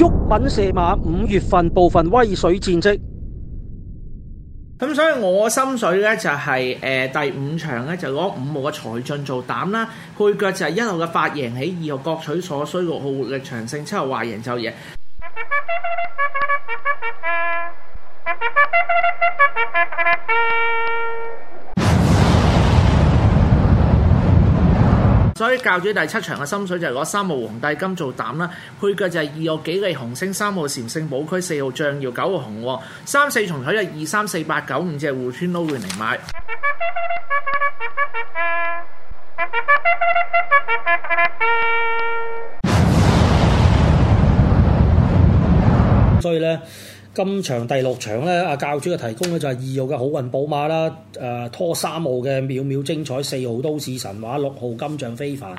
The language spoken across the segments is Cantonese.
毓民射馬五月份部分威水戰績，咁所以我心水呢、就是，就係誒第五場呢，就攞五號嘅財進做膽啦，配角就係一號嘅發贏起，二號各取所需，六號活力長勝，七號華贏就贏。 所以教主第七場嘅心水就攞三號皇帝金做膽啦，配腳就係二號幾利紅星、三號禪聖寶區、四號象耀、九號紅，三四重彩就二三四八九五隻戶村都會嚟買，所以咧。今場第六場咧，阿教主嘅提供咧就係二號嘅好運寶馬啦，誒拖三號嘅秒秒精彩，四號都市神話，六號金像非凡，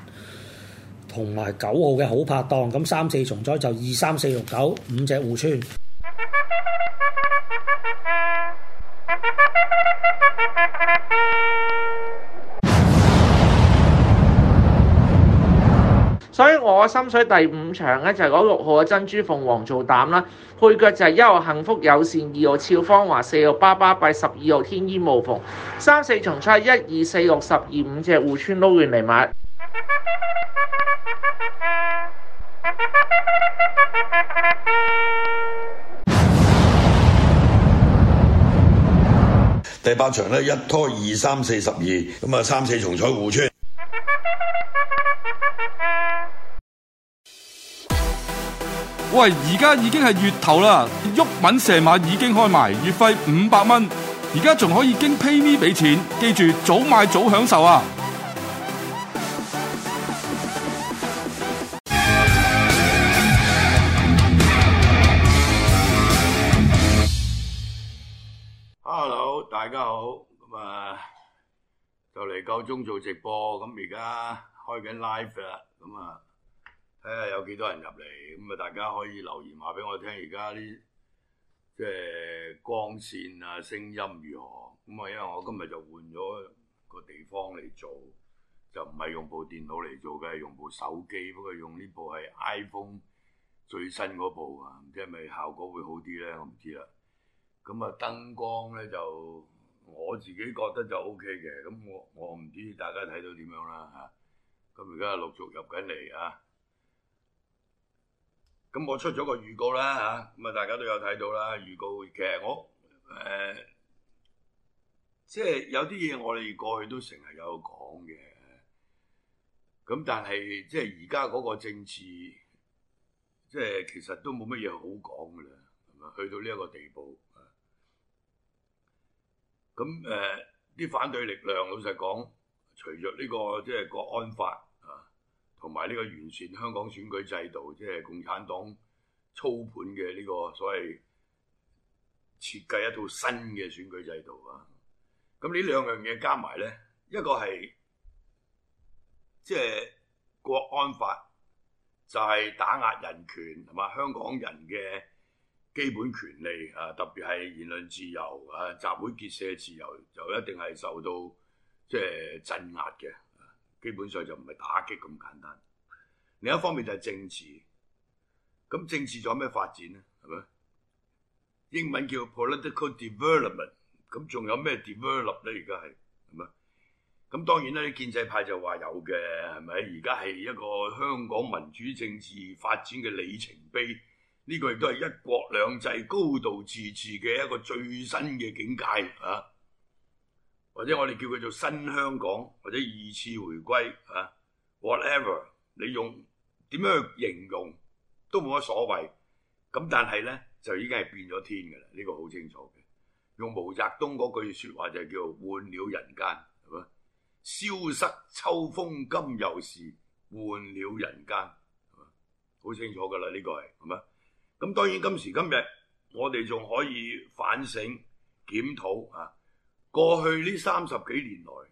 同埋九號嘅好拍檔，咁三四重災就二三四六九五隻互穿。我嘅心水第五場呢，就係、是、攞六號嘅珍珠鳳凰做膽啦，配角就係一號幸福友善，二號俏芳華，四號巴巴閉，十二號天衣無縫，三四重彩，一二四六十二五隻互串撈完嚟買。第八場呢，一拖二三四十二咁啊，三四重彩互串。喂，而家已經係月頭啦，毓民射馬已經開埋，月費五百蚊，而家仲可以經 PayMe 俾錢，記住早買早享受啊！Hello，大家好，咁啊就嚟夠鐘做直播，咁而家開緊 live 啦，咁啊。睇下、哎、有幾多人入嚟咁啊！大家可以留言話俾我聽，而家啲即係光線啊、聲音如何咁啊？因為我今日就換咗個地方嚟做，就唔係用部電腦嚟做嘅，用部手機。不過用呢部係 iPhone 最新嗰部啊，唔知係咪效果會好啲咧？我唔知啦。咁啊，燈光咧就我自己覺得就 OK 嘅。咁我我唔知大家睇到點樣啦嚇。咁而家陸續入緊嚟啊！咁我出咗個預告啦嚇，咁啊，大家都有睇到啦預告。其實我誒、呃，即係有啲嘢我哋過去都成日有講嘅，咁但係即係而家嗰個政治，即係其實都冇乜嘢好講㗎啦，係咪？去到呢一個地步啊，咁誒啲反對力量，老實講，隨着呢個即係國安法。同埋呢個完善香港選舉制度，即係共產黨操盤嘅呢個所謂設計一套新嘅選舉制度啊！咁呢兩樣嘢加埋咧，一個係即係國安法就係打壓人權同埋香港人嘅基本權利啊，特別係言論自由啊、集會結社自由就一定係受到即係鎮壓嘅。就是基本上就唔係打擊咁簡單，另一方面就係政治，咁政治仲有咩發展呢？係咪？英文叫 political development，咁仲有咩 develop 咧？而家係係嘛？咁當然啦，啲建制派就話有嘅，係咪？而家係一個香港民主政治發展嘅里程碑，呢個亦都係一國兩制高度自治嘅一個最新嘅境界啊！或者我哋叫佢做新香港，或者二次回歸嚇，whatever 你用點樣去形容都冇乜所謂，咁但係咧就已經係變咗天㗎啦，呢個好清楚嘅。用毛澤東嗰句說話就係叫換了人間，係嘛？蕭瑟秋風今又是換了人間，係嘛？好清楚㗎啦，呢個係，係嘛？咁當然今時今日我哋仲可以反省檢討。啊！過去呢三十幾年來，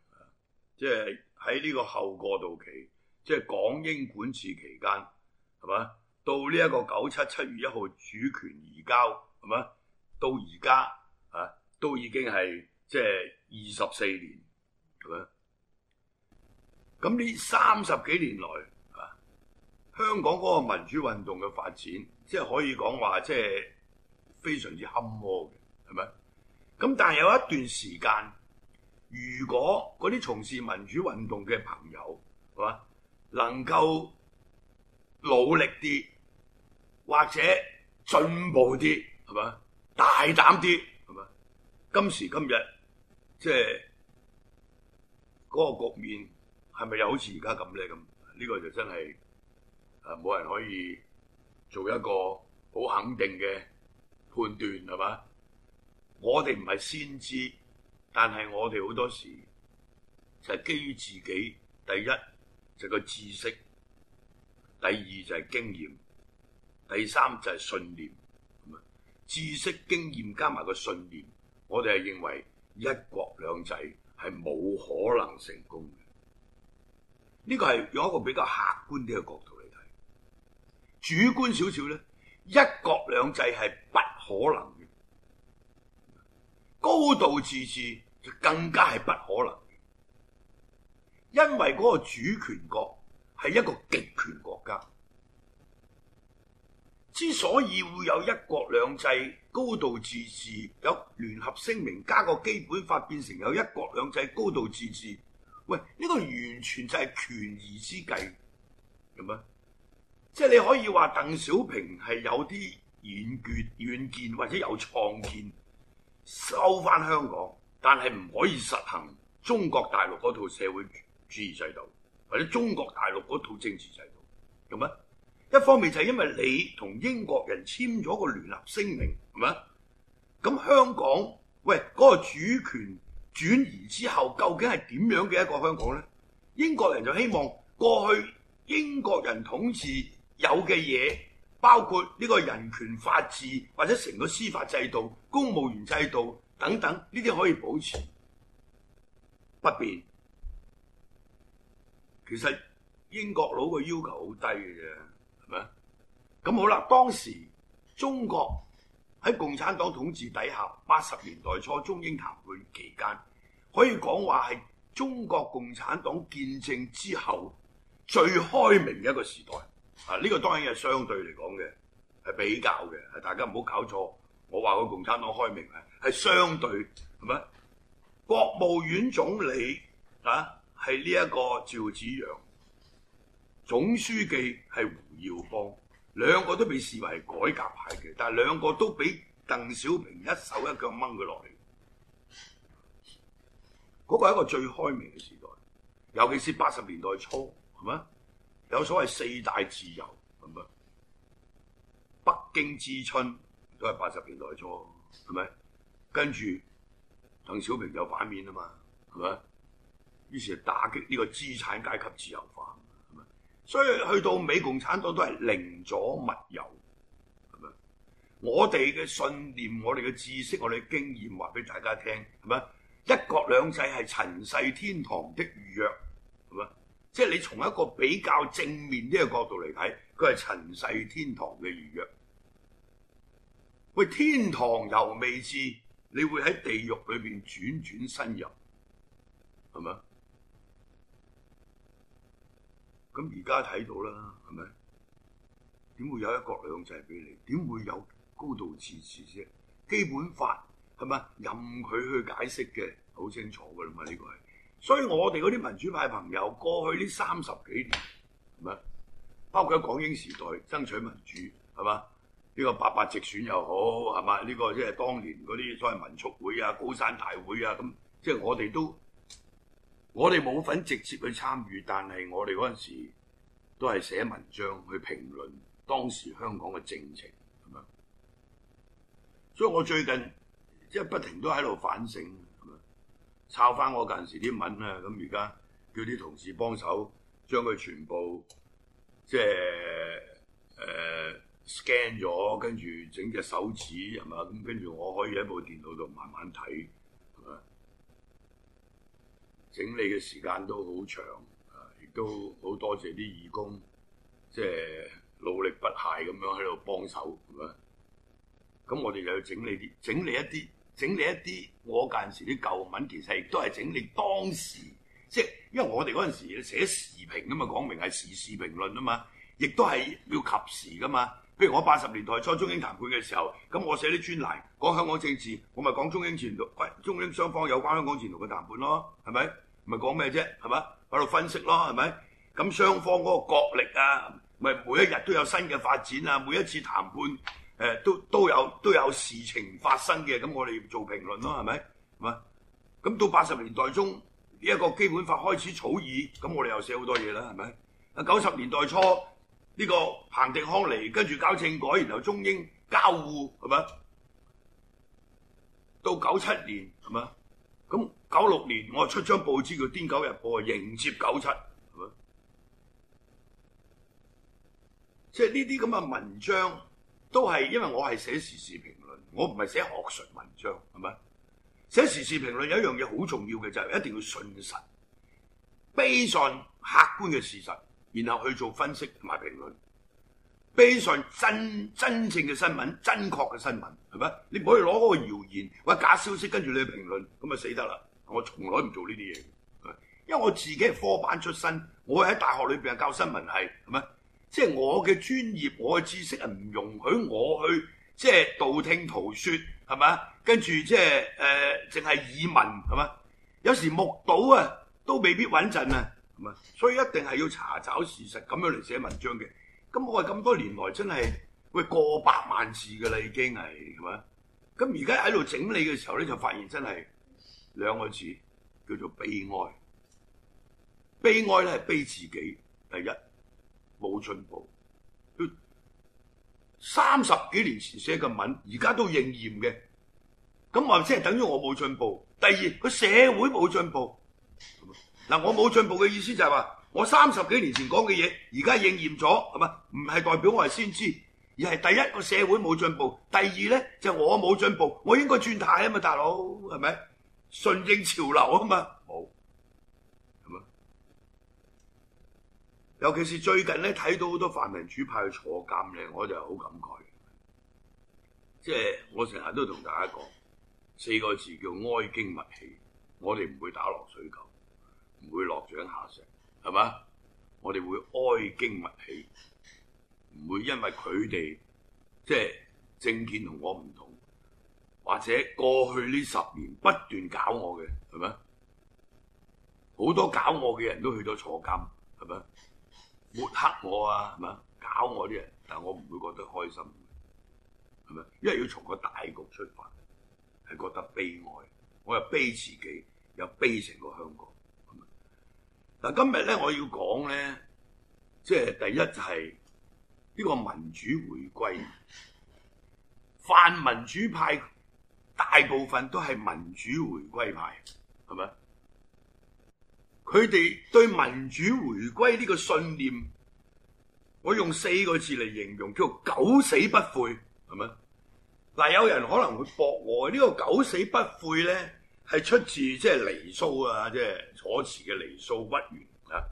即係喺呢個後過渡期，即係港英管治期間，係嘛？到呢一個九七七月一號主權移交，係嘛？到而家啊，都已經係即係二十四年，係咪？咁呢三十幾年來啊，香港嗰個民主運動嘅發展，即係可以講話，即係非常之坎坷嘅，係咪？咁但係有一段時間，如果嗰啲從事民主運動嘅朋友係嘛，能夠努力啲，或者進步啲係嘛，大膽啲係嘛，今時今日即係嗰、嗰個局面係咪又好似而家咁咧？咁、呢、呢個就真係啊冇人可以做一個好肯定嘅判斷係嘛。我哋唔係先知，但係我哋好多時就係基於自己，第一就係個知識，第二就係經驗，第三就係信念。咁啊，知識、經驗加埋個信念，我哋係認為一國兩制係冇可能成功嘅。呢、呢個係有一個比較客觀啲嘅角度嚟睇，主觀少少咧，一國兩制係不可能。高度自治就更加係不可能，因為嗰個主權國係一個極權國家。之所以會有一國兩制、高度自治，有聯合聲明加個基本法，變成有一國兩制、高度自治，喂，呢個完全就係權宜之計，係咪？即係你可以話鄧小平係有啲遠見遠見，或者有創建。收翻香港，但係唔可以實行中國大陸嗰套社會主義制度，或者中國大陸嗰套政治制度，咁啊？一方面就係因為你同英國人簽咗個聯合聲明，係嘛？咁香港，喂，嗰個主權轉移之後，究竟係點樣嘅一個香港呢？英國人就希望過去英國人統治有嘅嘢。包括呢個人權法治或者成個司法制度、公務員制度等等，呢啲可以保持不變。其實英國佬嘅要求好低嘅啫，係咪？咁好啦，當時中國喺共產黨統治底下，八十年代初中英談判期間，可以講話係中國共產黨建政之後最開明嘅一個時代。啊！呢個當然係相對嚟講嘅，係比較嘅，係大家唔好搞錯。我話個共產黨開明係，係相對係咪？國務院總理啊，係呢一個趙紫陽，總書記係胡耀邦，兩個都被視為改革派嘅，但係兩個都俾鄧小平一手一腳掹佢落嚟。嗰個係一個最開明嘅時代，尤其是八十年代初，係咪？有所謂四大自由，係咪？北京之春都係八十年代初，係咪？跟住鄧小平就反面啊嘛，係咪？於是就打擊呢個資產階級自由化，係咪？所以去到美共產黨都係寧左勿右，係咪？我哋嘅信念、我哋嘅知識、我哋嘅經驗，話俾大家聽，係咪？一國兩制係塵世天堂的預約。即係你從一個比較正面啲嘅角度嚟睇，佢係塵世天堂嘅預約。喂，天堂又未至，你會喺地獄裏邊轉轉身入，係咪？咁而家睇到啦，係咪？點會有一國兩制俾你？點會有高度自治啫？基本法係咪任佢去解釋嘅？好清楚㗎啦嘛，呢個係。所以我哋嗰啲民主派朋友，過去呢三十幾年，咁樣，包括喺港英時代爭取民主，係嘛？呢個八八直選又好，係嘛？呢個即係當年嗰啲所謂民促會啊、高山大會啊，咁即係我哋都，我哋冇份直接去參與，但係我哋嗰陣時都係寫文章去評論當時香港嘅政情，咁樣。所以我最近即係不停都喺度反省。抄翻我近時啲文啊，咁而家叫啲同事幫手將佢全部即係誒、呃、scan 咗，跟住整隻手指係嘛，咁跟住我可以喺部電腦度慢慢睇，係嘛？整理嘅時間都好長，啊，亦都好多謝啲義工，即係努力不懈咁樣喺度幫手，係嘛？咁我哋又要整理啲，整理一啲。整理一啲我嗰陣時啲舊文，其實亦都係整理當時，即係因為我哋嗰陣時寫時評啊嘛，講明係時事評論啊嘛，亦都係要及時噶嘛。譬如我八十年代初中英談判嘅時候，咁我寫啲專欄講香港政治，我咪講中英前途，喂，中英雙方有關香港前途嘅談判咯，係咪？咪講咩啫？係咪？喺度分析咯，係咪？咁雙方嗰個角力啊，咪每一日都有新嘅發展啊，每一次談判。誒都都有都有事情發生嘅，咁我哋做評論咯，係咪？係嘛？咁到八十年代中，呢個基本法開始草擬，咁我哋又寫好多嘢啦，係咪？啊九十年代初，呢個彭定康嚟，跟住搞政改，然後中英交換，係咪？到九七年係咪？咁九六年我出張報紙叫《癲狗日報》，迎接九七，係咪？即係呢啲咁嘅文章。都係，因為我係寫時事評論，我唔係寫學術文章，係咪？寫時事評論有一樣嘢好重要嘅就係、是、一定要信實，非常客觀嘅事實，然後去做分析同埋評論，非常真真正嘅新聞、真確嘅新聞，係咪？你唔可以攞嗰個謠言或假消息跟住你去評論，咁啊死得啦！我從來唔做呢啲嘢，因為我自己係科班出身，我喺大學裏邊教新聞系，係咪？即係我嘅專業，我嘅知識係唔容許我去即係道聽途說，係嘛？跟住即係誒，淨係耳聞係嘛？有時目睹啊，都未必穩陣啊，係嘛？所以一定係要查找事實咁樣嚟寫文章嘅。咁我係咁多年來真係喂過百萬字嘅啦，已經係係嘛？咁而家喺度整理嘅時候咧，就發現真係兩個字叫做悲哀。悲哀咧，係悲自己第一。冇進步，三十幾年前寫嘅文，而家都應驗嘅，咁話即係等於我冇進步。第二，個社會冇進步。嗱，我冇進步嘅意思就係、是、話，我三十幾年前講嘅嘢，而家應驗咗，係咪？唔係代表我係先知，而係第一個社會冇進步，第二咧就係我冇進步，我應該轉態啊嘛，大佬係咪？順應潮流啊嘛。尤其是最近咧，睇到好多泛民主派去坐監咧，我就好感慨。即係我成日都同大家講四個字叫哀矜勿氣。我哋唔會打落水狗，唔會落井下石，係嘛？我哋會哀矜勿氣，唔會因為佢哋即係政見同我唔同，或者過去呢十年不斷搞我嘅，係咪？好多搞我嘅人都去咗坐監，係咪？抹黑我啊，係咪？搞我啲人，但係我唔會覺得開心，係咪？因為要從個大局出發，係覺得悲哀。我又悲自己，又悲成個香港。嗱，但今日咧我要講咧，即係第一就係呢個民主回歸，泛民主派大部分都係民主回歸派，係咪？佢哋對民主回歸呢個信念，我用四個字嚟形容，叫做「九死不悔」，係咪？嗱，有人可能會駁我，呢個九死不悔咧，係出自即係《離騷》啊，即係楚辭嘅《離騷》屈原，啊，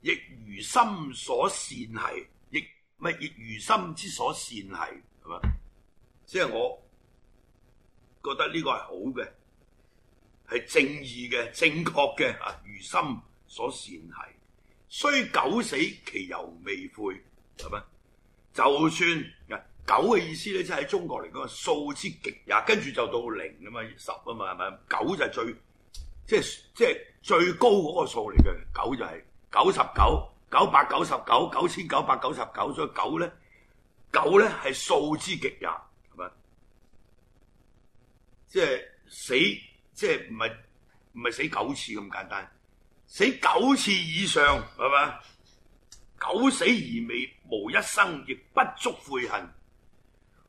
亦如心所善兮，亦唔係亦如心之所善兮，係咪？即係我覺得呢個係好嘅。係正義嘅、正確嘅，啊如心所善係，雖九死其猶未悔，係咪？就算啊，九嘅意思咧，即喺中國嚟講，數之極也，跟住就到零啊嘛，十啊嘛，係咪？九就係最，即係即係最高嗰個數嚟嘅，九就係九十九、九百、九十九、九千九百、九十九，所以九咧，九咧係數之極也，係咪？即、就、係、是、死。即係唔係唔係死九次咁簡單，死九次以上係嘛？九死而未無一生，亦不足悔恨。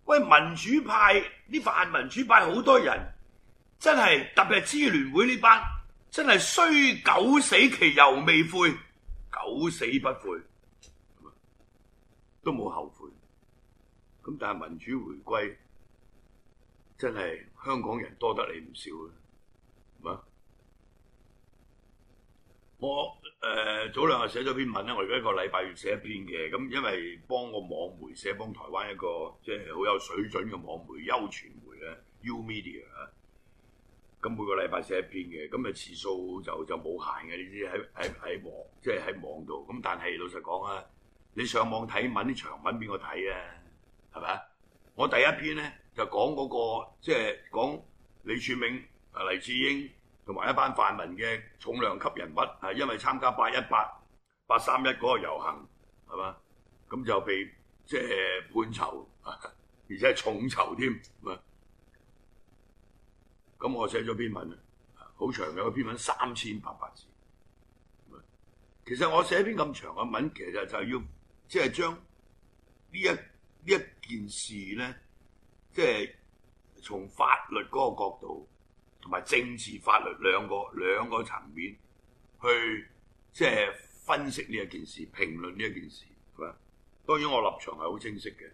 喂，民主派呢？泛民主派好多人真係，特別係支聯會呢班真係，雖九死其猶未悔，九死不悔，都冇後悔。咁但係民主回歸真係香港人多得你唔少啊！咩？我誒、呃、早兩日寫咗篇文咧，我而家一個禮拜要寫一篇嘅。咁因為幫個網媒寫，幫台灣一個即係好有水準嘅網媒優傳媒咧，U Media 啊。咁每個禮拜寫一篇嘅，咁咪字數就就冇限嘅。呢啲喺喺喺網，即係喺網度。咁但係老實講啊，你上網睇文啲長文邊個睇啊？係咪啊？我第一篇咧就講嗰、那個，即、就、係、是、講李柱銘。啊，黎智英同埋一班泛民嘅重量級人物，係因為參加八一八、八三一嗰個遊行，係嘛，咁就被即係判囚，而且係重囚添咁啊！咁我寫咗篇文，好長嘅，個篇文三千八百字。其實我寫篇咁長嘅文，其實就係要即係將呢一呢一件事咧，即係從法律嗰個角度。同埋政治法律兩個兩個層面去即係分析呢一件事，評論呢一件事。係嘛，當然我立場係好清晰嘅。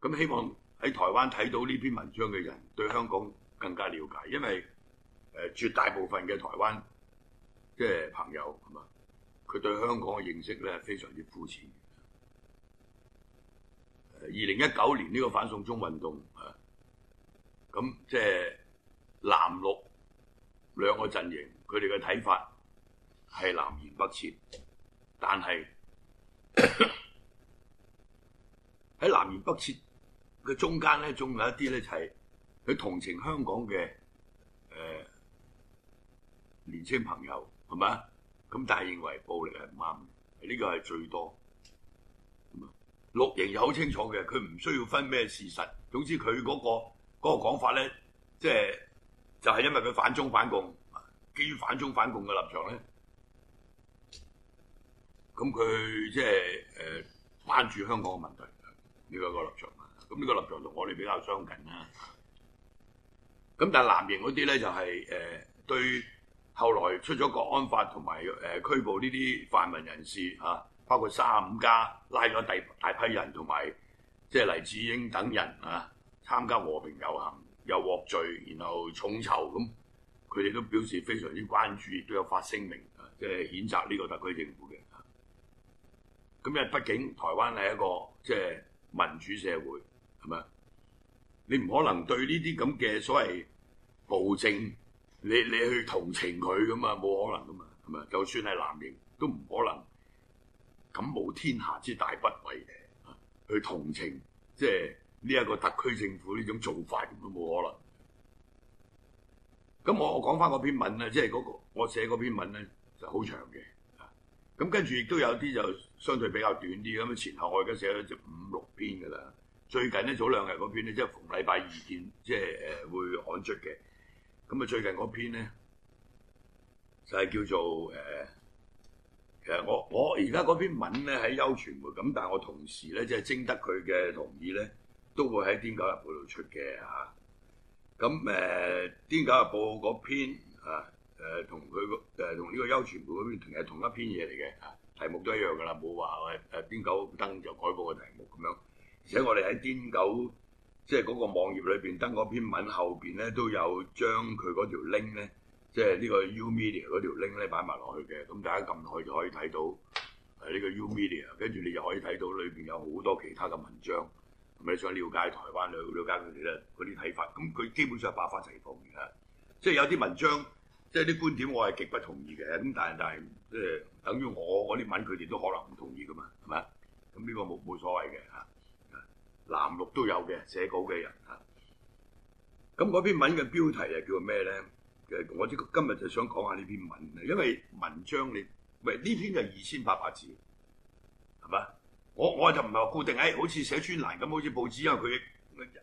咁希望喺台灣睇到呢篇文章嘅人對香港更加了解，因為誒、呃、絕大部分嘅台灣即係朋友係嘛，佢對香港嘅認識咧係非常之膚淺。二零一九年呢個反送中運動。咁即係藍綠兩個陣營，佢哋嘅睇法係南轅北轍，但係喺南轅北轍嘅中間咧，仲有一啲咧就係、是、佢同情香港嘅誒、呃、年青朋友，係咪啊？咁但係認為暴力係唔啱嘅，呢個係最多。綠營又好清楚嘅，佢唔需要分咩事實，總之佢嗰、那個。嗰個講法咧，即係就係、是、因為佢反中反共，基於反中反共嘅立場咧，咁佢即係誒關注香港嘅問題，呢、這個個立場啊，咁呢個立場同我哋比較相近啦、啊。咁但係藍營嗰啲咧就係、是、誒、呃、對後來出咗國安法同埋誒拘捕呢啲泛民人士啊，包括三十五家拉咗第大批人同埋即係黎智英等人啊。參加和平遊行又獲罪，然後重囚咁，佢哋都表示非常之關注，亦都有發聲明，即係譴責呢個特區政府嘅。咁因為畢竟台灣係一個即係民主社會，係咪你唔可能對呢啲咁嘅所謂暴政，你你去同情佢咁嘛，冇可能噶嘛，係咪，就算係藍營都唔可能，敢冒天下之大不韙嘅，去同情即係。就是呢一個特區政府呢種做法都冇可能。咁我我講翻嗰篇文咧，即係嗰個我寫嗰篇文咧就好長嘅。咁跟住亦都有啲就相對比較短啲咁，前後我而家寫咗就五六篇噶啦。最近呢，早兩日嗰篇咧，即係逢禮拜二見，即係誒會刊出嘅。咁啊最近嗰篇咧就係叫做誒、呃，其實我我而家嗰篇文咧喺優傳媒，咁但係我同時咧即係徵得佢嘅同意咧。都會喺《癲狗日報》度出嘅嚇、啊，咁誒《癲、呃、狗日報》嗰篇啊誒同佢個誒同呢個《優傳部嗰篇同係同一篇嘢嚟嘅嚇，題目都一樣噶啦，冇話誒誒《癲狗登》就改過個題目咁樣。而且我哋喺《癲狗》即係嗰個網頁裏邊登嗰篇文後邊咧，都有將佢嗰條 link 咧，即係呢個 Umedia 嗰條 link 咧擺埋落去嘅，咁大家撳落去就可以睇到係呢個 Umedia，跟住你就可以睇到裏邊有好多其他嘅文章。咪想了解台灣，了了解佢哋咧嗰啲睇法。咁佢基本上百花齊放嘅，即係有啲文章，即係啲觀點，我係極不同意嘅。咁但係即係等於我嗰啲文，佢哋都可能唔同意噶嘛，係咪啊？咁呢個冇冇所謂嘅嚇。藍綠都有嘅寫稿嘅人嚇。咁、啊、嗰篇文嘅標題係叫做咩咧？嘅我今今日就想講下呢篇文啊，因為文章你喂呢篇就二千八百字，係咪啊？我我就唔係話固定喺好似寫專欄咁，好似報紙，因為佢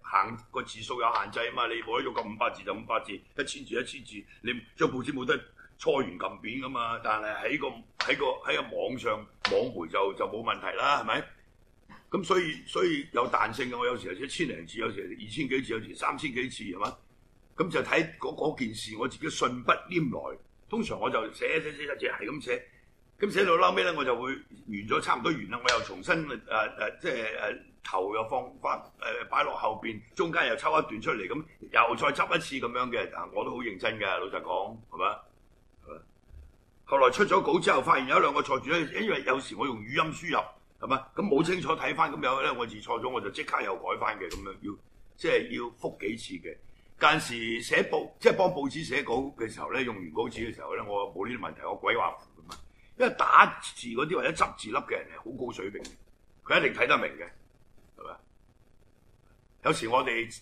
行個字數有限制啊嘛，你冇一組夠五百字就五百字，一千字一千字，你張報紙冇得裁圓咁扁噶嘛。但係喺個喺個喺個網上網回就就冇問題啦，係咪？咁所以所以有彈性嘅，我有時寫一千零字，有時係二千幾字，有時三千幾字，係嘛？咁就睇嗰件事，我自己信不拈來。通常我就寫寫寫一隻，係咁寫。咁寫到嬲尾咧，我就會完咗，差唔多完啦。我又重新誒誒、啊啊，即係誒、啊、頭又放翻誒擺落後邊，中間又抽一段出嚟，咁又再執一次咁樣嘅。我都好認真嘅，老實講係嘛？後來出咗稿之後，發現有一兩個錯字咧，因為有時我用語音輸入係嘛，咁冇清楚睇翻咁樣咧，我字錯咗，我就即刻又改翻嘅。咁樣要即係要覆幾次嘅。間時寫報即係、就是、幫報紙寫稿嘅時候咧，用完稿紙嘅時候咧，我冇呢啲問題，我鬼話。因為打字嗰啲或者執字粒嘅人係好高水平嘅，佢一定睇得明嘅，係咪？有時我哋誒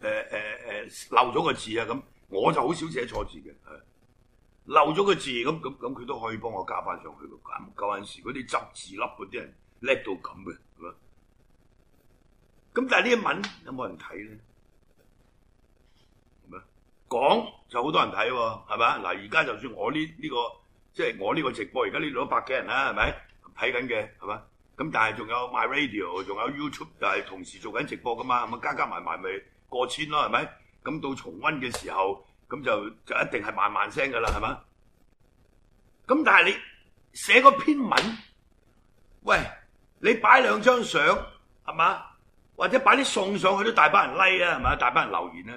誒誒漏咗個字啊咁，我就好少寫錯字嘅，漏咗個字咁咁咁，佢都可以幫我加翻上去。咁舊陣時嗰啲執字粒嗰啲人叻到咁嘅，係咪？咁但係呢一文有冇人睇咧？係咪講就好多人睇喎？係咪？嗱，而家就算我呢呢個。即係我呢個直播，而家呢度百幾人啦，係咪睇緊嘅，係嘛？咁但係仲有 My Radio，仲有 YouTube，就係同時做緊直播噶嘛，咁加加埋埋咪過千咯，係咪？咁到重溫嘅時候，咁就就一定係萬萬聲噶啦，係嘛？咁但係你寫個篇文，喂，你擺兩張相，係嘛？或者擺啲送上去都大班人 like 啦，係嘛？大班人留言咧，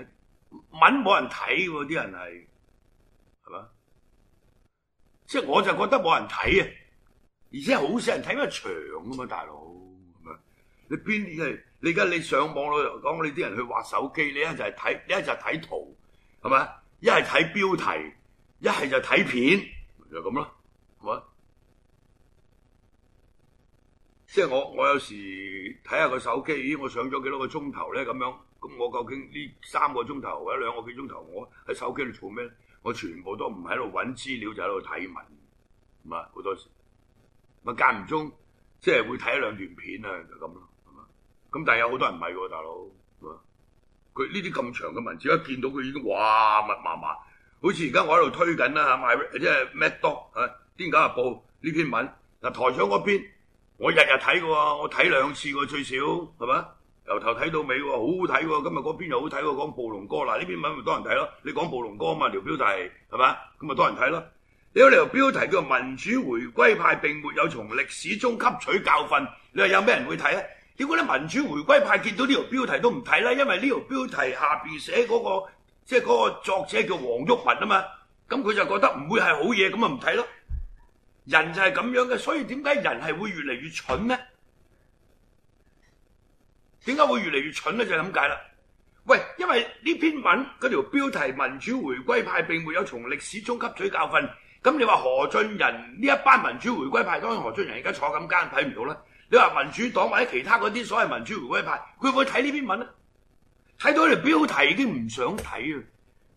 文冇人睇喎，啲人係。即係我就覺得冇人睇啊，而且好少人睇，因為長啊嘛，大佬，係咪？你邊啲係？你而家你上網咯，講你啲人去滑手機，你一就係睇，一就係睇圖，係咪？一係睇標題，一係就睇片，就咁咯，係咪？即係我我有時睇下個手機，咦？我上咗幾多個鐘頭咧？咁樣咁我究竟呢三個鐘頭或者兩個幾鐘頭，我喺手機度做咩？我全部都唔喺度揾資料，就喺度睇文，咁啊好多時，咁間唔中即係會睇一兩段片啊，就咁咯，係嘛？咁但係有好多人唔係喎，大佬，佢呢啲咁長嘅文字，一見到佢已經哇密麻麻，好似而、啊啊啊、家我喺度推緊啦，係咪？即係 Mad Dog，嚇《癲狗日報》呢篇文，嗱、啊、台商嗰邊，我日日睇嘅喎，我睇兩次喎最少，係咪？由頭睇到尾喎，好好睇喎！今日嗰邊又好睇喎，講暴龍哥嗱，呢篇文咪多人睇咯。你講暴龍哥嘛，條標題係咪啊？咁咪多人睇咯。呢條標題叫民主回歸派並沒有從歷史中吸取教訓，你話有咩人會睇咧？點解啲民主回歸派見到呢條標題都唔睇咧？因為呢條標題下邊寫嗰個，即係嗰個作者叫黃毓民啊嘛。咁佢就覺得唔會係好嘢，咁咪唔睇咯。人就係咁樣嘅，所以點解人係會越嚟越蠢呢？點解會越嚟越蠢咧？就係咁解啦。喂，因為呢篇文嗰條標題，民主回歸派並沒有從歷史中吸取教訓。咁你話何俊仁呢一班民主回歸派，當然何俊仁而家坐緊監，睇唔到啦。你話民主黨或者其他嗰啲所謂民主回歸派，佢會唔會睇呢篇文咧？睇到條標題已經唔想睇啊！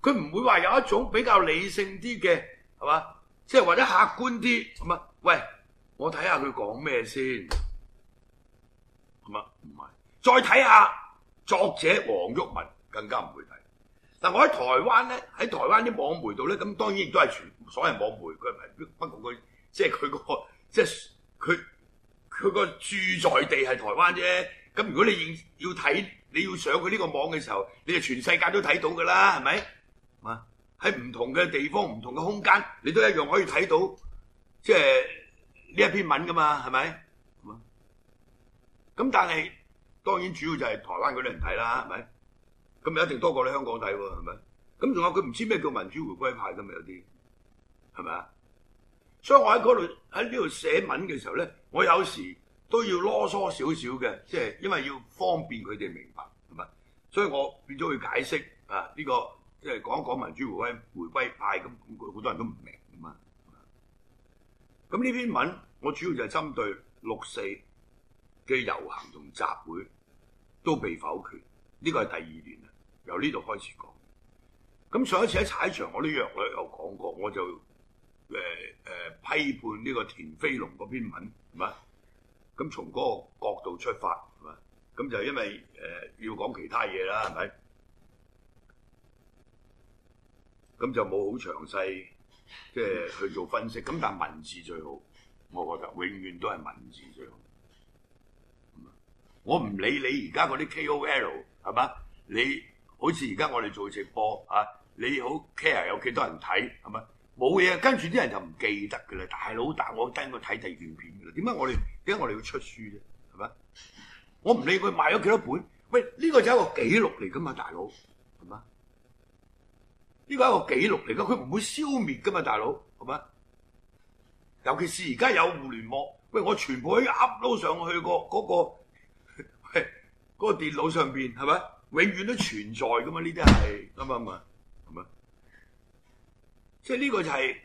佢唔會話有一種比較理性啲嘅係嘛？即係或者客觀啲咁啊？喂，我睇下佢講咩先？係嘛？唔係。再睇下作者王玉文，更加唔會睇。但我喺台灣咧，喺台灣啲網媒度咧，咁當然亦都係全所謂網媒，佢唔係，不過佢即係佢個即係佢佢個住在地係台灣啫。咁如果你要睇，你要上佢呢個網嘅時候，你就全世界都睇到㗎啦，係咪？啊吧，喺唔同嘅地方、唔同嘅空間，你都一樣可以睇到即係呢一篇文㗎嘛，係咪？咁但係。當然主要就係台灣嗰啲人睇啦，係咪？咁咪一定多過你香港睇喎，係咪？咁仲有佢唔知咩叫民主回歸派，咁咪有啲，係咪啊？所以我喺嗰度、喺呢度寫文嘅時候咧，我有時都要囉嗦少少嘅，即係因為要方便佢哋明白，係咪？所以我變咗去解釋啊，呢個即係講一講民主回歸回歸派，咁好多人都唔明㗎嘛。咁呢篇文我主要就係針對六四。嘅遊行同集會都被否決，呢個係第二年啦。由呢度開始講，咁上一次喺踩場我都一樣，我有講過，我就誒誒、呃呃、批判呢個田飛龍嗰篇文，係嘛？咁從嗰個角度出發，係嘛？咁就因為誒、呃、要講其他嘢啦，係咪？咁就冇好詳細，即係去做分析。咁但文字最好，我覺得永遠都係文字最好。我唔理你而家嗰啲 K.O.L. 係嘛？你好似而家我哋做直播啊，你好 care 有幾多人睇係嘛？冇嘢，跟住啲人就唔記得㗎啦。大佬，但我跟佢睇第二段片㗎啦。點解我哋點解我哋要出書啫？係嘛？我唔理佢賣咗幾多本。喂，呢個就係一個記錄嚟㗎嘛，大佬係嘛？呢個係一個記錄嚟㗎，佢唔會消滅㗎嘛，大佬係嘛？尤其是而家有互聯網，喂，我全部喺 upload 上去、嗰個嗰個。嗰個電腦上邊係咪？永遠都存在㗎嘛？呢啲係啱唔啱？係咪？即係呢個就係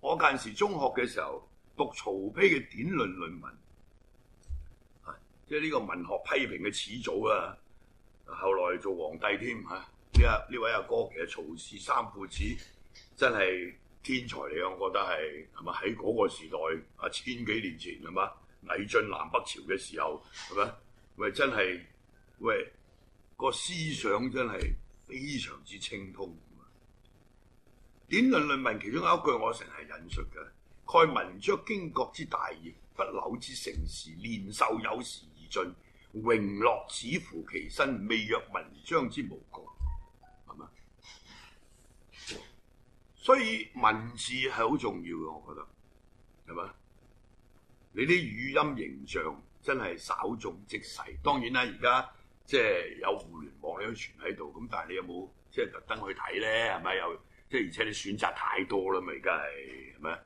我嗰陣時中學嘅時候讀曹丕嘅《典論》論文，即係呢個文學批評嘅始祖啊！後來做皇帝添吓，呢阿呢位阿哥，哥其實曹氏三父子真係天才嚟，我覺得係係咪喺嗰個時代啊？千幾年前係嘛？魏晉南北朝嘅時候係咪？喂，真係喂，個思想真係非常之清通。《典論論文》其中有一句我成日引述嘅，蓋文章經國之大業，不朽之盛事。年壽有時而盡，榮樂止乎其身，未若文章之無窮。係嘛？所以文字係好重要，我覺得係嘛？你啲語音形象。真係稍縱即逝。當然啦！而家即係有互聯網咧傳喺度，咁但係你有冇即係特登去睇咧？係咪又即係而且你選擇太多啦嘛？而家係係咪？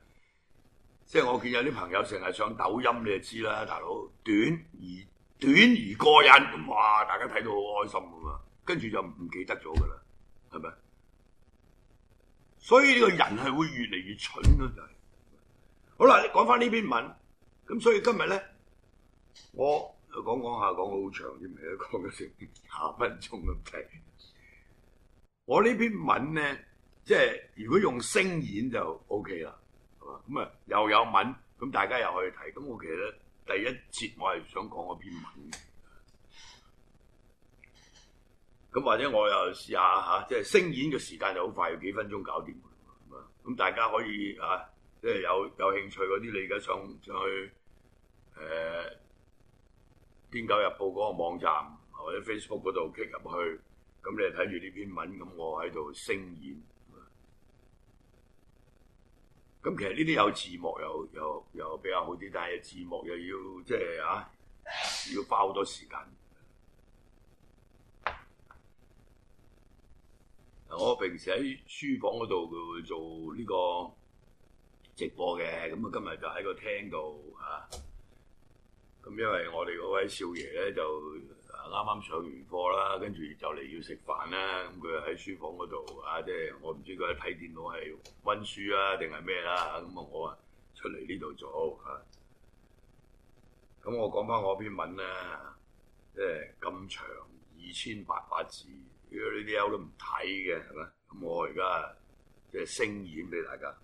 即係我見有啲朋友成日上抖音，你就知啦，大佬短而短而過癮，哇！大家睇到好開心噶嘛，跟住就唔記得咗噶啦，係咪？所以呢個人係會越嚟越蠢咯，就係。好啦，你講翻呢篇文，咁所以今日咧。我講講下，講好長啲，咪都講咗成廿分鐘咁滯。 我呢篇文咧，即係如果用聲演就 OK 啦，係嘛？咁啊又有文，咁大家又可以睇。咁我其實第一節我係想講嗰篇文，咁或者我又試下吓，即係聲演嘅時間就好快，要幾分鐘搞掂。咁大家可以吓，即、啊、係有有興趣嗰啲，你而家想上去誒。呃《天狗日報》嗰個網站，或者 Facebook 嗰度 click 入去，咁你睇住呢篇文，咁我喺度聲言。咁其實呢啲有字幕又又又比較好啲，但係字幕又要即係啊，要花好多時間。我平時喺書房嗰度，佢會做呢個直播嘅，咁啊今日就喺個廳度啊。咁因為我哋嗰位少爺咧就啱啱上完課啦，跟住就嚟要食飯啦。咁佢喺書房嗰度啊，即係我唔知佢喺睇電腦係温書啊定係咩啦。咁啊，我啊出嚟呢度做啊。咁我講翻我篇文呢啊，即係咁長二千八百字，如果呢啲我都唔睇嘅係咪？咁我而家即係聲演俾大家。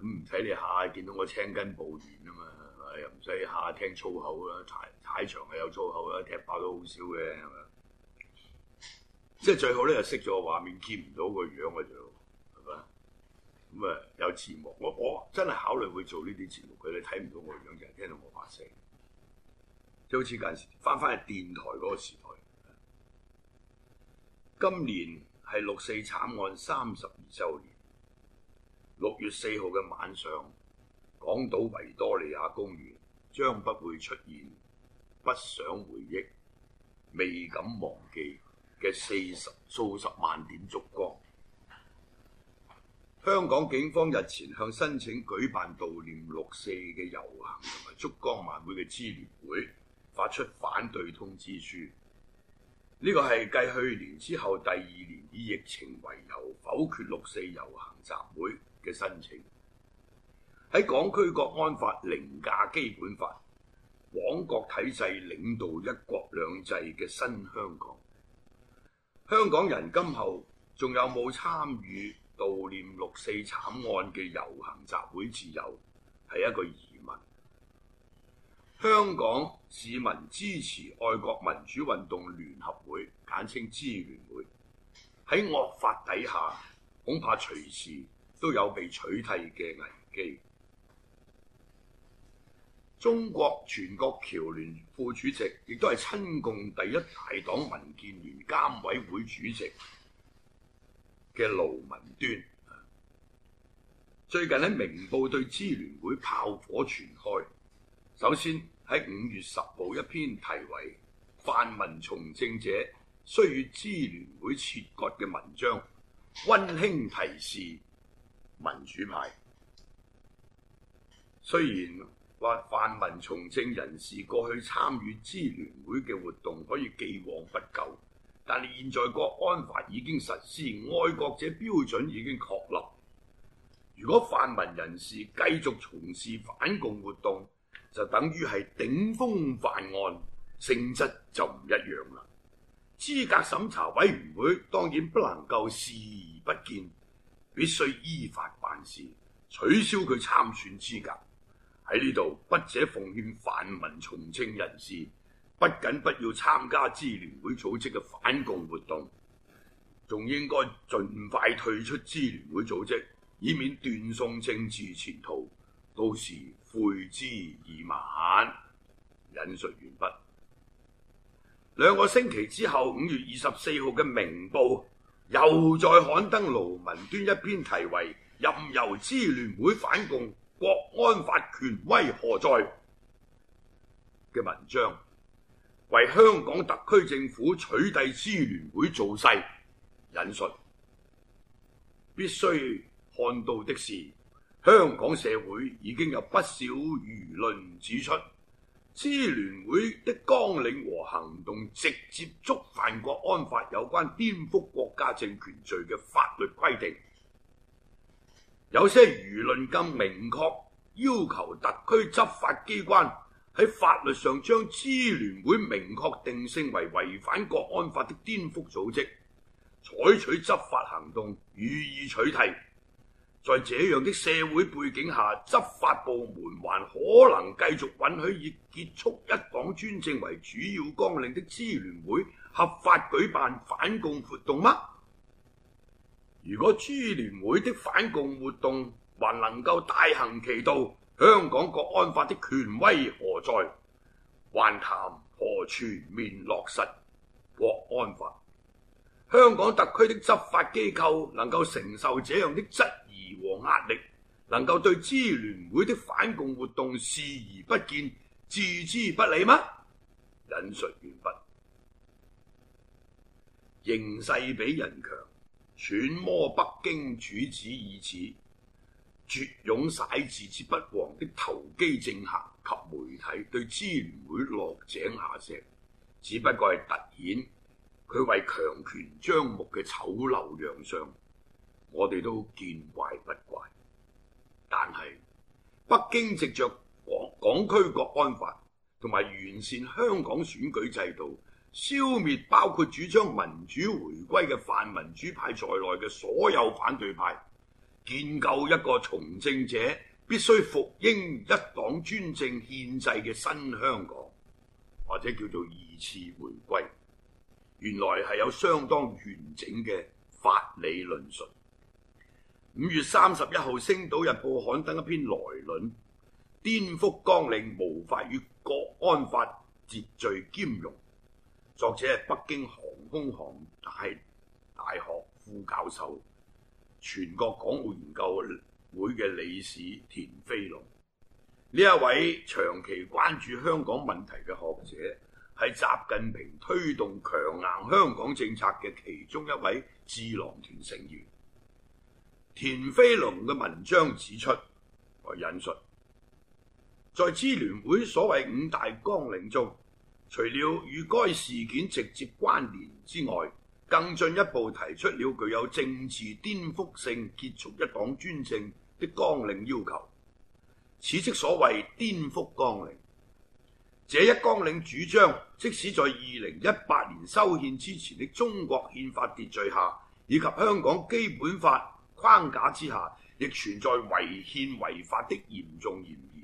咁唔使你下下見到我青筋暴現啊嘛，又唔使下下聽粗口啦，踩踩場係有粗口啦，踢爆都好少嘅，即係最好咧，就熄咗個畫面，見唔到個樣嘅啫喎，係咪？咁、嗯、啊有字幕，我我真係考慮會做呢啲字幕佢你睇唔到我樣就係聽到我發聲，就好似近時返返去電台嗰個時代。今年係六四慘案三十二週年。六月四號嘅晚上，港島維多利亞公園將不會出現不想回憶、未敢忘記嘅四十數十萬點燭光。香港警方日前向申請舉辦悼念六四嘅遊行同埋燭光晚會嘅支聯會發出反對通知書。呢個係繼去年之後第二年以疫情為由否決六四遊行集會。嘅申請喺港區國安法凌駕基本法，黨國體制領導一國兩制嘅新香港，香港人今後仲有冇參與悼念六四慘案嘅遊行集會自由，係一個疑問。香港市民支持愛國民主運動聯合會簡稱支聯會喺惡法底下，恐怕隨時都有被取締嘅危機。中國全國僑聯副主席，亦都係親共第一大黨民建聯監，監委會主席嘅盧文端，最近喺《明報》對支聯會炮火全開。首先喺五月十號一篇題為《泛民從政者需與支聯會切割》嘅文章，温馨提示。民主派雖然話泛民從政人士過去參與支聯會嘅活動可以既往不咎，但係現在國安法已經實施，愛國者標準已經確立。如果泛民人士繼續從事反共活動，就等於係頂風犯案，性質就唔一樣啦。資格審查委員會當然不能夠視而不見。必須依法辦事，取消佢參選資格。喺呢度，筆者奉勸泛民從政人士，不僅不要參加支聯會組織嘅反共活動，仲應該盡快退出支聯會組織，以免斷送政治前途，到時悔之已晚。引述完畢。兩個星期之後，五月二十四號嘅《明報》。又再刊登盧文端一篇題為《任由支聯會反共，國安法權威何在》嘅文章，為香港特區政府取締支聯會造勢。引述。必須看到的是，香港社會已經有不少輿論指出，支聯會的綱領和行動直接觸犯國安法有關顛覆國加政權罪嘅法律規定，有些輿論更明確要求特區執法機關喺法律上將支聯會明確定性為違反國安法的顛覆組織，採取執法行動予以取締。在這樣的社會背景下，執法部門還可能繼續允許以結束一黨專政為主要綱領的支聯會合法舉辦反共活動嗎？如果支聯會的反共活動還能夠大行其道，香港國安法的權威何在？還談何全面落實國安法？香港特區的執法機構能夠承受這樣的質疑和壓力，能夠對支聯會的反共活動視而不見、置之不理嗎？引述完畢。形勢比人強。揣摩北京主旨，以此絕湧駛字之不皇的投機政客及媒體對支聯會落井下石，只不過係突顯佢為強權張目嘅醜陋樣相，我哋都見怪不怪。但係北京藉着港港區國安法同埋完善香港選舉制度。消滅包括主張民主回歸嘅泛民主派在內嘅所有反對派，建構一個從政者必須服膺一黨專政憲制嘅新香港，或者叫做二次回歸，原來係有相當完整嘅法理論述。五月三十一號，《星島日報》刊登一篇來論，顛覆綱領無法與國安法秩序兼容。作者係北京航空航天大學副教授、全國港澳研究會嘅理事田飛龍，呢一位長期關注香港問題嘅學者，係習近平推動強硬香港政策嘅其中一位智囊團成員。田飛龍嘅文章指出，我引述，在支聯會所謂五大綱領中。除了與該事件直接關聯之外，更進一步提出了具有政治顛覆性結束一黨專政的綱領要求。此即所謂顛覆綱領。這一綱領主張，即使在二零一八年修憲之前的中國憲法秩序下，以及香港基本法框架之下，亦存在違憲違法的嚴重嫌疑。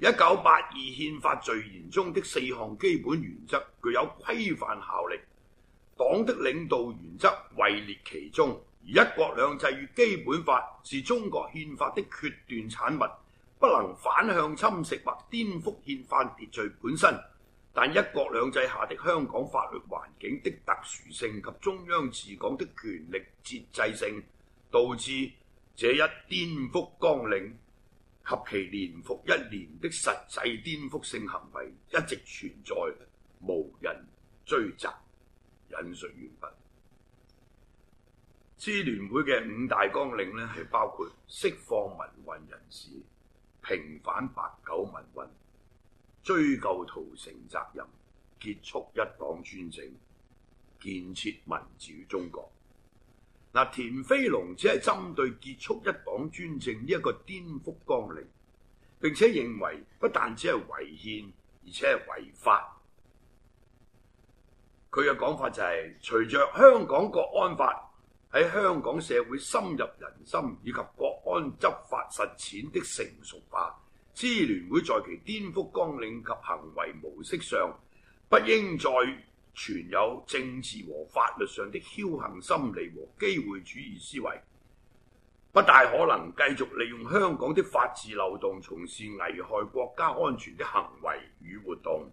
一九八二憲法序言中的四項基本原則具有規範效力，黨的領導原則位列其中。而一國兩制與基本法是中國憲法的決斷產物，不能反向侵蝕或顛覆憲法秩序本身。但一國兩制下的香港法律環境的特殊性及中央治港的權力節制性，導致這一顛覆綱領。及其年復一年的實際顛覆性行為一直存在，無人追責，引述完畢。支聯會嘅五大綱領咧，係包括釋放民運人士、平反八九民運、追究屠城責任、結束一黨專政、建設民主中國。田飛龍只係針對結束一黨專政呢一個顛覆綱領，並且認為不但只係違憲，而且係違法。佢嘅講法就係、是，「隨着香港國安法喺香港社會深入人心，以及國安執法實踐的成熟化，支聯會在其顛覆綱領及行為模式上，不應在。」全有政治和法律上的僥倖心理和機會主義思維，不大可能繼續利用香港的法治漏洞，從事危害國家安全的行為與活動。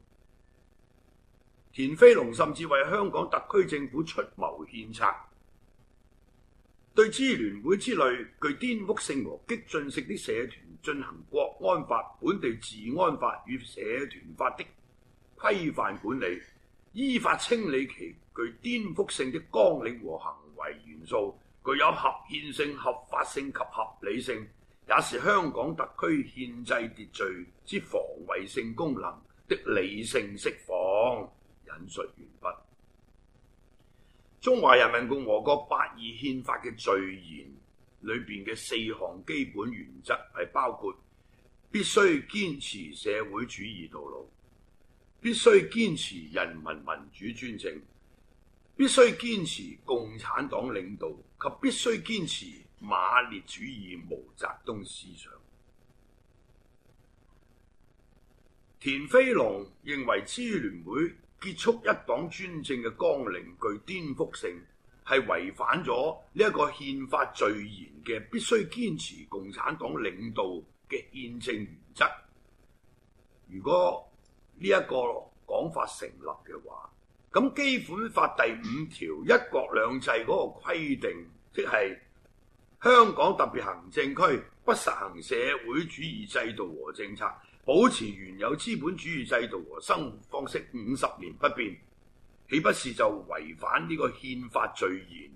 田飛龍甚至為香港特區政府出謀獻策，對支聯會之類具顛覆性和激進性的社團進行國安法、本地治安法與社團法的規範管理。依法清理其具顛覆性的綱領和行為元素，具有合憲性、合法性及合理性，也是香港特區憲制秩序之防衛性功能的理性釋放。引述完畢。中華人民共和國八二憲法嘅序言裏邊嘅四項基本原則，係包括必須堅持社會主義道路。必須堅持人民民主專政，必須堅持共產黨領導，及必須堅持馬列主義毛澤東思想。田飛龍認為，支聯會結束一黨專政嘅綱領具顛覆性，係違反咗呢一個憲法序言嘅必須堅持共產黨領導嘅憲政原則。如果呢一個講法成立嘅話，咁基本法第五條一國兩制嗰個規定，即係香港特別行政區不實行社會主義制度和政策，保持原有資本主義制度和生活方式五十年不變，豈不是就違反呢個憲法序言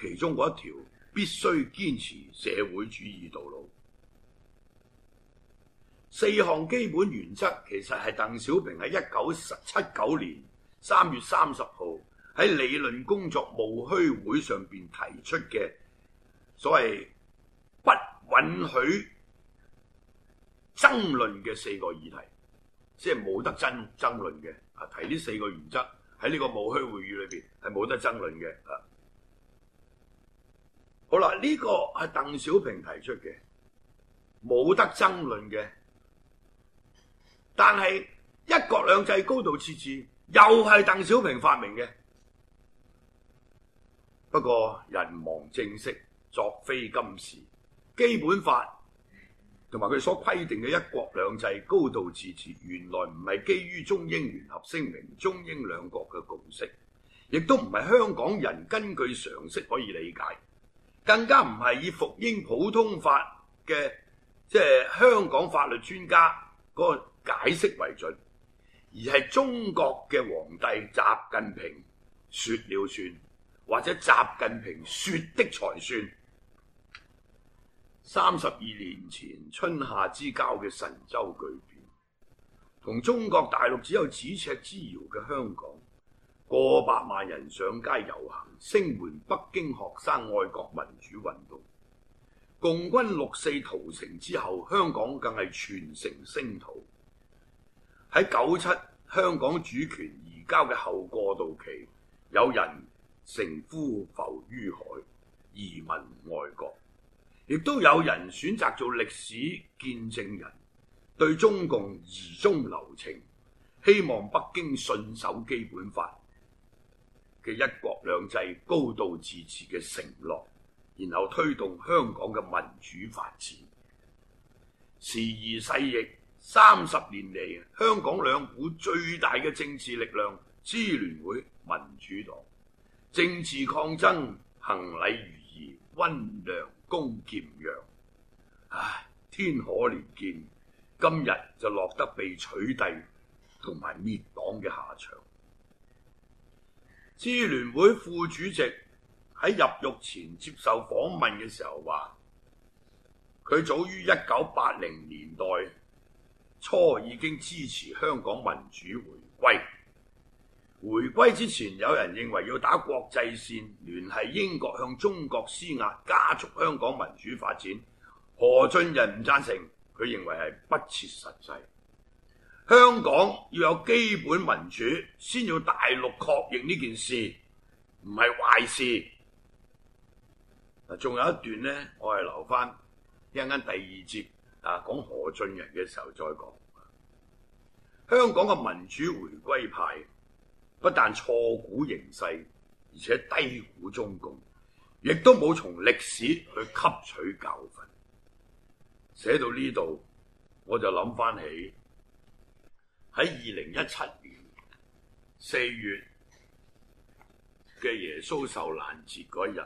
其中嗰一條必須堅持社會主義道路？四項基本原則其實係鄧小平喺一九七九年三月三十號喺理論工作務虛會上邊提出嘅，所謂不允許爭論嘅四個議題，即係冇得爭爭論嘅。啊，提呢四個原則喺呢個務虛會議裏邊係冇得爭論嘅。啊，好啦，呢個係鄧小平提出嘅，冇得爭論嘅。但係一國兩制高度自治又係鄧小平發明嘅。不過人亡政息，作廢今時基本法同埋佢所規定嘅一國兩制高度自治，原來唔係基於中英聯合聲明，中英兩國嘅共識，亦都唔係香港人根據常識可以理解，更加唔係以服英普通法嘅，即係香港法律專家、嗰個解釋為準，而係中國嘅皇帝習近平説了算，或者習近平説的才算。三十二年前春夏之交嘅神州巨變，同中國大陸只有咫尺之遙嘅香港，過百萬人上街遊行，聲援北京學生愛國民主運動。共軍六四屠城之後，香港更係全城聲討。喺九七香港主權移交嘅後過渡期，有人乘桴浮於海，移民外國；亦都有人選擇做歷史見證人，對中共疑中留情，希望北京信守基本法嘅一國兩制高度自治嘅承諾，然後推動香港嘅民主發展。時移世易。三十年嚟，香港兩股最大嘅政治力量，支聯會民主黨，政治抗爭，行禮如儀，温良恭儉讓。唉，天可憐見，今日就落得被取締同埋滅黨嘅下場。支聯會副主席喺入獄前接受訪問嘅時候話，佢早於一九八零年代初已經支持香港民主回歸。回歸之前，有人認為要打國際線聯繫英國向中國施壓，加速香港民主發展。何俊仁唔贊成，佢認為係不切實際。香港要有基本民主，先要大陸確認呢件事，唔係壞事。嗱，仲有一段呢，我係留翻一陣間第二節。啊！講何俊仁嘅時候再講，香港嘅民主回歸派不但錯估形勢，而且低估中共，亦都冇從歷史去吸取教訓。寫到呢度，我就諗翻起喺二零一七年四月嘅耶穌受難節嗰日，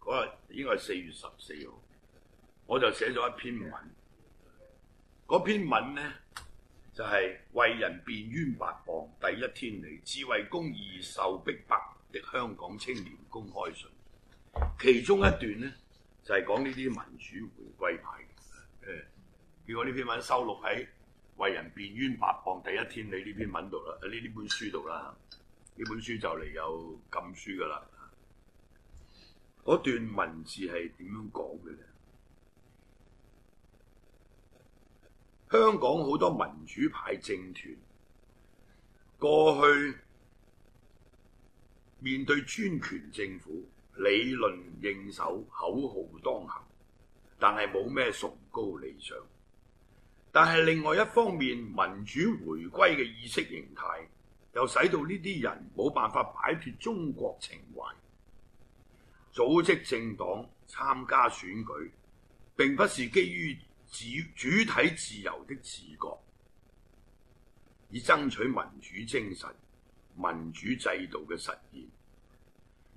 嗰日應該係四月十四號，我就寫咗一篇文。嗰篇文呢，就係、是《為人辨冤白謗第一天》嚟，智慧公義受逼迫白的香港青年公開信，其中一段呢，就係講呢啲民主回歸派嘅。誒、嗯，結果呢篇文收錄喺《為人辨冤白謗第一天》你呢篇文度啦，呢、啊、呢本書度啦，呢本書就嚟有禁書噶啦。嗰段文字係點樣講嘅咧？香港好多民主派政團，過去面對專權政府，理論應手，口號當行，但係冇咩崇高理想。但係另外一方面，民主回歸嘅意識形態，又使到呢啲人冇辦法擺脫中國情懷，組織政黨參加選舉，並不是基於自主，主體自由的自覺，以爭取民主精神、民主制度嘅實現，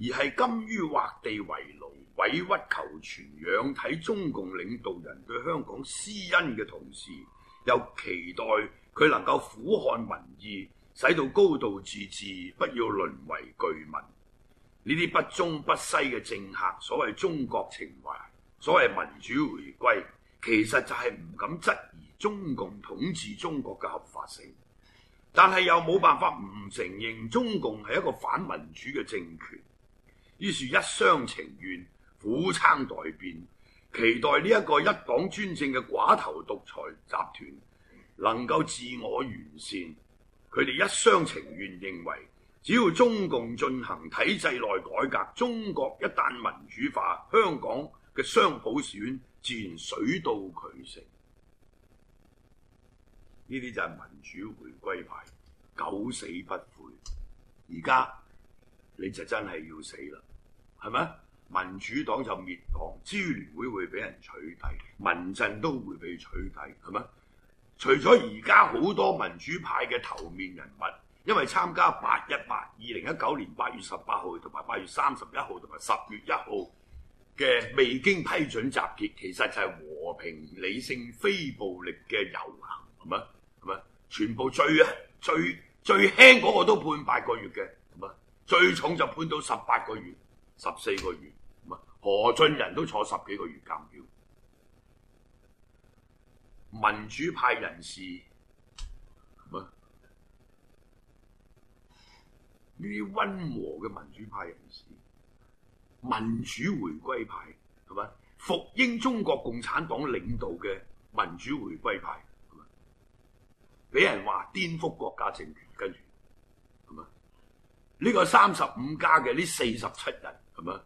而係甘於劃地為牢、委屈求全養，仰睇中共領導人對香港私恩嘅同時，又期待佢能夠俯瞰民意，使到高度自治，不要淪為巨民。呢啲不中不西嘅政客，所謂中國情懷，所謂民主回歸。其實就係唔敢質疑中共統治中國嘅合法性，但係又冇辦法唔承認中共係一個反民主嘅政權，於是，一廂情願苦撐待變，期待呢一個一黨專政嘅寡頭獨裁集團能夠自我完善。佢哋一廂情願認為，只要中共進行體制內改革，中國一旦民主化，香港嘅雙普選。自然水到渠成，呢啲就係民主回歸派，九死不悔。而家你就真係要死啦，係咪？民主黨就滅黨，支聯會會俾人取締，民陣都會被取締，係咪？除咗而家好多民主派嘅頭面人物，因為參加八一八、二零一九年八月十八號同埋八月三十一號同埋十月一號。嘅未經批准集結，其實就係和平理性非暴力嘅遊行，係咪？係咪？全部最啊最最輕嗰個都判八個月嘅，係咪？最重就判到十八個月、十四個月，唔係何俊仁都坐十幾個月監票。民主派人士，係咪？呢啲温和嘅民主派人士。民主回歸派，係嘛？服膺中國共產黨領導嘅民主回歸派，俾人話顛覆國家政權，跟住，係嘛？呢、這個三十五加嘅呢四十七人，係嘛？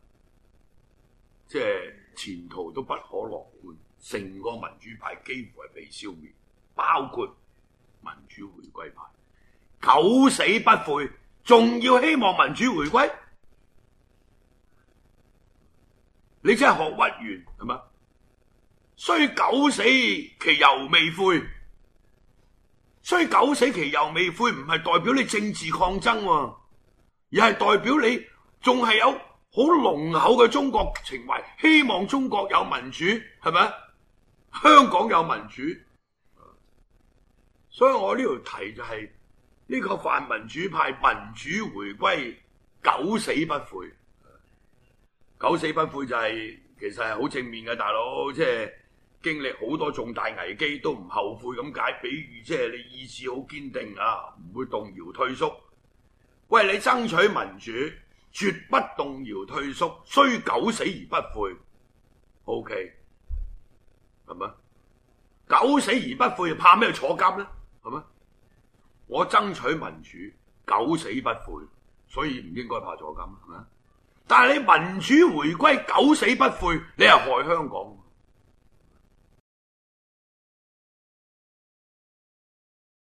即、就、係、是、前途都不可樂觀，成個民主派幾乎係被消滅，包括民主回歸派，九死不悔，仲要希望民主回歸。你真係學屈原，係嘛？雖九死其猶未悔，雖九死其猶未悔，唔係代表你政治抗爭，啊，而係代表你仲係有好濃厚嘅中國情懷，希望中國有民主，係咪？香港有民主，所以我呢條題就係、係、呢、呢個泛民主派民主回歸，九死不悔。九死不悔就係、是、其實係好正面嘅大佬，即、就、係、是、經歷好多重大危機都唔後悔咁解。比如即係、就是、你意志好堅定啊，唔會動搖退縮。喂，你爭取民主，絕不動搖退縮，雖九死而不悔。O K 係嘛？九死而不悔，怕咩坐監呢？係咩？我爭取民主，九死不悔，所以唔應該怕坐監係嘛？但係你民主回歸九死不悔，你係害香港。